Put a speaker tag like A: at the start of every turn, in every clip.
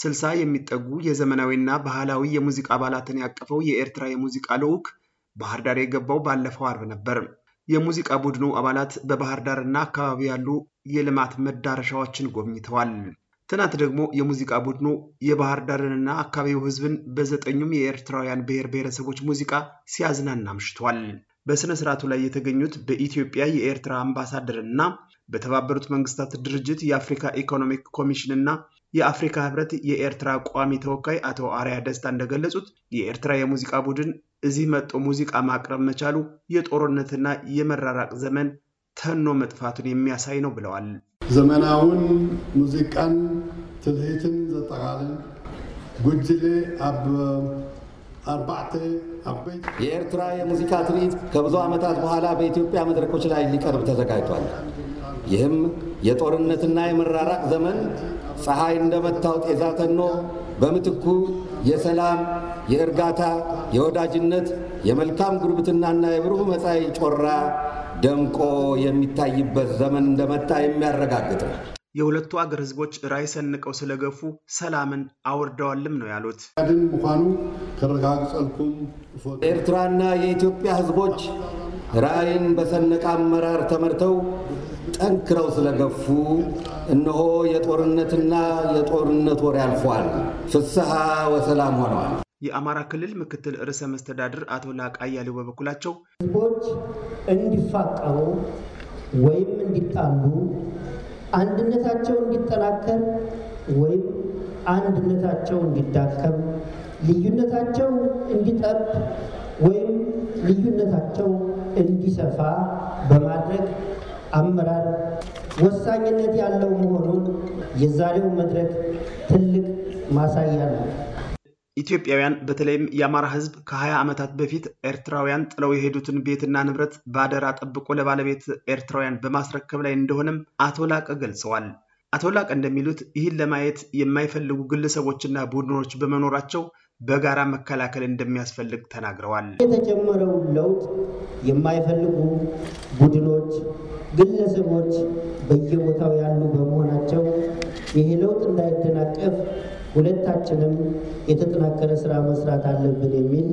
A: ስልሳ የሚጠጉ የዘመናዊና ባህላዊ የሙዚቃ አባላትን ያቀፈው የኤርትራ የሙዚቃ ልዑክ ባህር ዳር የገባው ባለፈው አርብ ነበር። የሙዚቃ ቡድኑ አባላት በባህር ዳርና አካባቢ ያሉ የልማት መዳረሻዎችን ጎብኝተዋል። ትናንት ደግሞ የሙዚቃ ቡድኑ የባህር ዳርንና አካባቢው ሕዝብን በዘጠኙም የኤርትራውያን ብሔር ብሔረሰቦች ሙዚቃ ሲያዝናና አምሽቷል። በሥነ ሥርዓቱ ላይ የተገኙት በኢትዮጵያ የኤርትራ አምባሳደር በተባበሩት መንግስታት ድርጅት የአፍሪካ ኢኮኖሚክ ኮሚሽንና የአፍሪካ ህብረት የኤርትራ ቋሚ ተወካይ አቶ አርያ ደስታ እንደገለጹት የኤርትራ የሙዚቃ ቡድን እዚህ መጥቶ ሙዚቃ ማቅረብ መቻሉ የጦርነትና የመራራቅ ዘመን ተኖ መጥፋቱን የሚያሳይ ነው ብለዋል። ዘመናውን
B: ሙዚቃን ትልሂትን ዘጠቃልል ጉጅሌ ኣብ ኣርባዕተ የኤርትራ የሙዚቃ ትርኢት ከብዙ ዓመታት በኋላ በኢትዮጵያ መድረኮች ላይ ሊቀርብ ተዘጋጅቷል። ይህም የጦርነትና የመራራቅ ዘመን ፀሐይ እንደመታው ጤዛ ተኖ በምትኩ የሰላም፣ የእርጋታ፣ የወዳጅነት፣ የመልካም ጉርብትናና የብሩህ መጻኢ ጮራ ደምቆ የሚታይበት ዘመን እንደመጣ የሚያረጋግጥ ነው።
A: የሁለቱ አገር ህዝቦች ራዕይ ሰንቀው ስለገፉ ሰላምን አውርደዋልም ነው ያሉት። ምኳኑ ኤርትራና
B: የኢትዮጵያ ህዝቦች ራዕይን በሰነቀ አመራር ተመርተው ጠንክረው ስለገፉ እነሆ የጦርነትና የጦርነት ወር ያልፏል፣
A: ፍስሐ ወሰላም ሆነዋል። የአማራ ክልል ምክትል ርዕሰ መስተዳድር አቶ ላቃ አያሌው
C: በበኩላቸው ህዝቦች እንዲፋቀሩ ወይም እንዲጣሉ፣ አንድነታቸው እንዲጠናከር ወይም አንድነታቸው እንዲዳከም፣ ልዩነታቸው እንዲጠብ ወይም ልዩነታቸው እንዲሰፋ በማድረግ አመራር ወሳኝነት ያለው መሆኑን የዛሬው መድረክ ትልቅ
A: ማሳያ ነው። ኢትዮጵያውያን በተለይም የአማራ ሕዝብ ከ20 ዓመታት በፊት ኤርትራውያን ጥለው የሄዱትን ቤትና ንብረት በአደራ ጠብቆ ለባለቤት ኤርትራውያን በማስረከብ ላይ እንደሆነም አቶ ላቀ ገልጸዋል። አቶ ላቀ እንደሚሉት ይህን ለማየት የማይፈልጉ ግለሰቦችና ቡድኖች በመኖራቸው በጋራ መከላከል እንደሚያስፈልግ ተናግረዋል።
C: የተጀመረውን ለውጥ የማይፈልጉ ቡድኖች ግለሰቦች በየቦታው ያሉ በመሆናቸው ይህ ለውጥ እንዳይደናቀፍ ሁለታችንም የተጠናከረ ስራ መስራት አለብን የሚል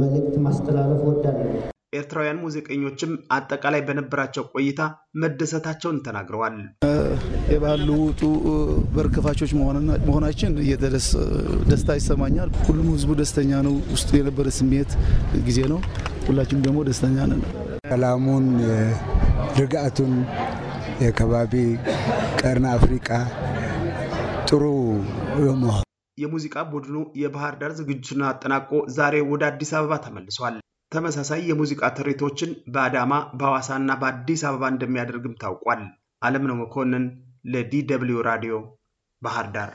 C: መልእክት ማስተላለፍ
A: ወዳለሁ። ኤርትራውያን ሙዚቀኞችም አጠቃላይ በነበራቸው ቆይታ መደሰታቸውን ተናግረዋል። የባህል ልውጡ በር መሆናችን ደስታ ይሰማኛል። ሁሉም ህዝቡ ደስተኛ ነው። ውስጡ የነበረ ስሜት ጊዜ ነው። ሁላችን ደግሞ ደስተኛ ነን። ሰላሙን ድርጋቱን የከባቢ ቀርን አፍሪቃ ጥሩ መሆን የሙዚቃ ቡድኑ የባህር ዳር ዝግጅቱን አጠናቆ ዛሬ ወደ አዲስ አበባ ተመልሷል። ተመሳሳይ የሙዚቃ ትርኢቶችን በአዳማ በሐዋሳና በአዲስ አበባ እንደሚያደርግም ታውቋል። አለምነው መኮንን ለዲ ደብልዩ ራዲዮ ባህር ዳር